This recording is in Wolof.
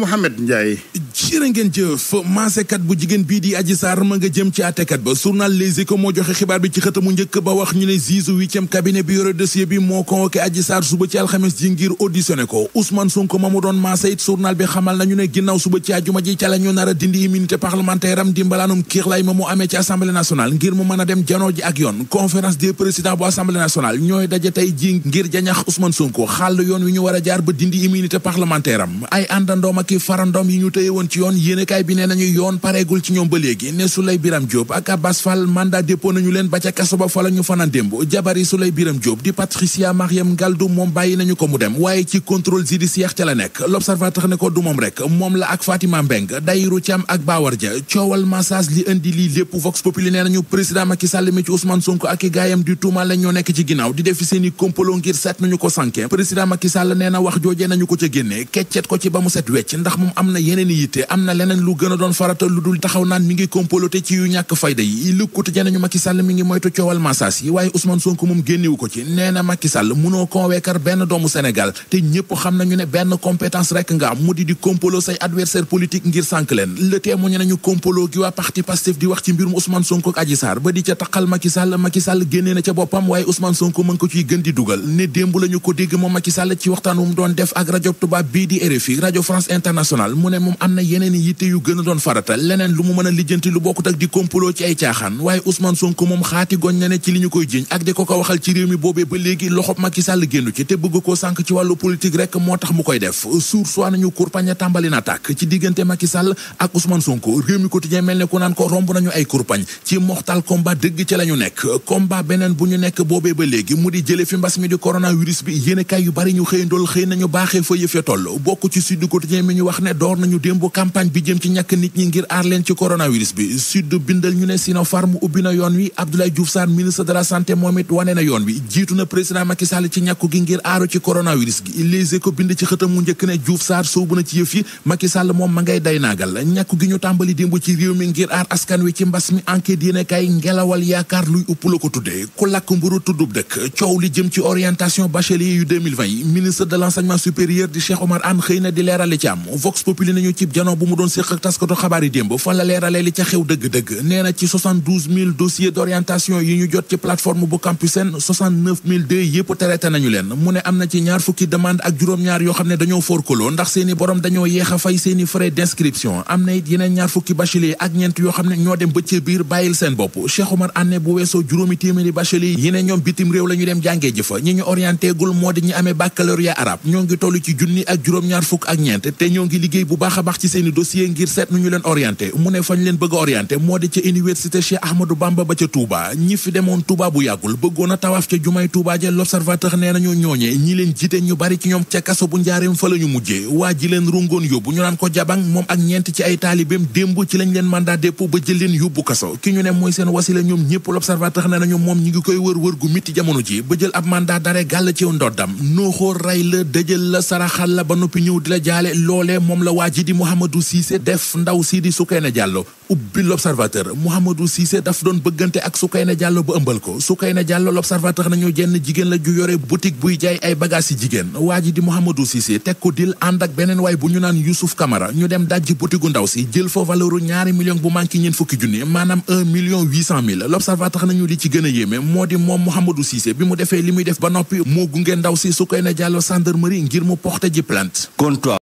Mouhamed Ndiaye jërë ngeen jëf maasekat bu jigéen bii di Adji Sarr ma nga jëm ci àttekat ba journal Les Échos moo joxe xibaar bi ci xëtamu njëkk ba wax ñu ne juge huitième cabinet bi yore dossier bi moo convoqué Adji Sarr suba ci alxames ji ngir auditionné ko Ousmane Sonko ma mu doon maase it bi xamal nañu ne ginnaaw suba ci àjuma ji ca ñu nar a dindi immunité parlementaire am dimbalaanum kiirlaay ma mu amee ci assemblée nationale ngir mu mën a dem janoo ji ak yoon conférence des présidents bu assemblée yoon wi ñu war jaar ba dindi immunité parlementaire am yoon yéenekaay bi ne nañu yoon pareegul ci ñoom ba léegi ne Souley Biram Diop ak Abbas Fall mandat dépôt nañu leen ba ca kaso ba fa la ñu fanaan démb jabari Souley Biram Diop di Patricia Mariam Ngaldou moom bàyyi nañu ko mu dem waaye ci contrôle judiciaire ca la nekk L'Observateur ne ko du moom rek moom la ak Fatima Mbeng Dayiru Thiam ak Bawar Dia coowal massage li indi lii lépp Vox Populi nee nañu président Macky Sall mi ci Ousmane Sonko ak i gaayam di tuuma la ñoo ci ginnaaw di def seeni complot ngir seet nañu ko sànke président Macky Sall nee na wax joojee nañu ko ca ko ci ba mu set wecc ndax moom am na yeneen yitte de am na leneen lu gën a doon farata lu dul taxaw naan mi ngi comploté ci yu ñàkk fayda yi Le Quotidien nañu Macky Sall mi ngi moytu coowal massage yi waaye Ousmane Sonko moom génnewu ko ci nee na ñëpp xam nañu ne benn compétence rek nga am mu di di complot say adversaire politique ngir sànk leen Le Témoin ñu nañu complot gi waa parti Pastef di wax ci mbirum Ousmane Sonko ak Adji Sarr ba di ca taqal Macky Sall Macky Sall génnee na ca boppam waaye Ousmane Sonko ko ciy gën di dugal ne démb lañu ko dégg moom Macky Sall ci waxtaan wu mu doon def ak rajo tubaab bii di RFI rajo France Internationale mu ne moom am na yeneen yitte yu gën a doon farata leneen lu mu mën a lijjanti lu bokkut ak di kompaloo ci ay caaxaan waaye Ousmane Sonko moom xaati goñ na ne ci li ñu koy jiñ ak di ko ko waxal ci réew mi boobee ba léegi loxob Macky Sall ci te bëgg koo sànk ci wàllu politique rek moo tax mu koy def suur soit nañu kurpaña tàmbali na tàkk ci diggante Macky Sall ak Ousmane Sonko réew mi quotidien mel ne ku naan ko romb nañu ay kurpañ ci mortal combat dëgg ci la nekk combat beneen bu ñu nekk boobee ba léegi mu di jële fi mbas mi di coronavirus bi yéen kaay yu bari ñu wax ne door nañu campagne bi jëm ci ñàkk nit ñi ngir aar leen ci coronavirus bi sud bindal ñu ne Sinopharm ubbi na yoon wi Abdoulaye Diouf Sarr ministre de la santé moom it wane na yoon wi jiitu na président Macky ci ñàkku gi ngir aaru ci coronavirus gi Les Échos bind ci xëtam mu njëkk ne Diouf Sarr soobu na ci yëf yi Macky moom ma ngay day naagal ñàkku gi ñu tàmbali démb ci réew mi ngir aar askan wi ci mbas mi enquête yéene ngelawal yaakaar luy upp la ko tuddee réunion bu mu doon séq ak taskatu xabaar démb fa la li ca xew dëgg-dëgg nee na ci 72 000 d'orientation yi ñu jot ci plateforme bu Campusen 69 002 yëpp nañu leen mu ne am na ci ñaar fukki demande ak juróom-ñaar yoo xam ne dañoo forkoloo ndax seeni borom dañoo yeex fay seeni frais d'inscription am na it yeneen ñaar fukki bachelier ak ñeent yoo xam ne ñoo dem ba biir bàyyil seen bopp Cheikh Omar bu weesoo juróomi téeméeri bachelier seeni dossier ngir seet nu ñu leen orienté mu ne fañ leen bëgg a moo di ca université Cheikh Ahmadou Bamba ba ca Touba ñi fi demoon Touba bu yàggul bëggoon a tawaaf ca jumaay Touba ja l'observateur nee nañu ñooñee ñi leen jiite ñu bari ci ñoom ca kaso bu njaareem fa la ñu waa ji leen rungoon yóbbu ñu naan ko jabang moom ak ñeent ci ay taalibeem démb ci lañ leen mandat dépôt ba jël leen yóbbu kaso ki ñu ne mooy seen wasila ñoom ñëpp l'observateur Mouhamadou Cissé def ndaw si di Soukeyna Diallo ubbi l'observateur Mouhamadou Cissé daf doon bëggante ak Soukeyna Diallo ba ëmbal ko Soukeyna Diallo l'observateur nañu jenn jigéen la ju yore boutique buy jaay ay bagages yi jigéen waa ji di Mouhamadou Cissé teg ko dil ànd ak beneen waay bu ñu naan Youssouf Camara ñu dem dajji boutique ndaw si jël foofa valeuru ñaari million bu manqué ñeen fukki junni maanaam un million huit cent l'observateur nañu li ci gën a yéeme moo di moom Mouhamadou li muy def ba noppi moo gunge ndaw si Soukeyna Diallo gendarmerie ngir mu porter ji plainte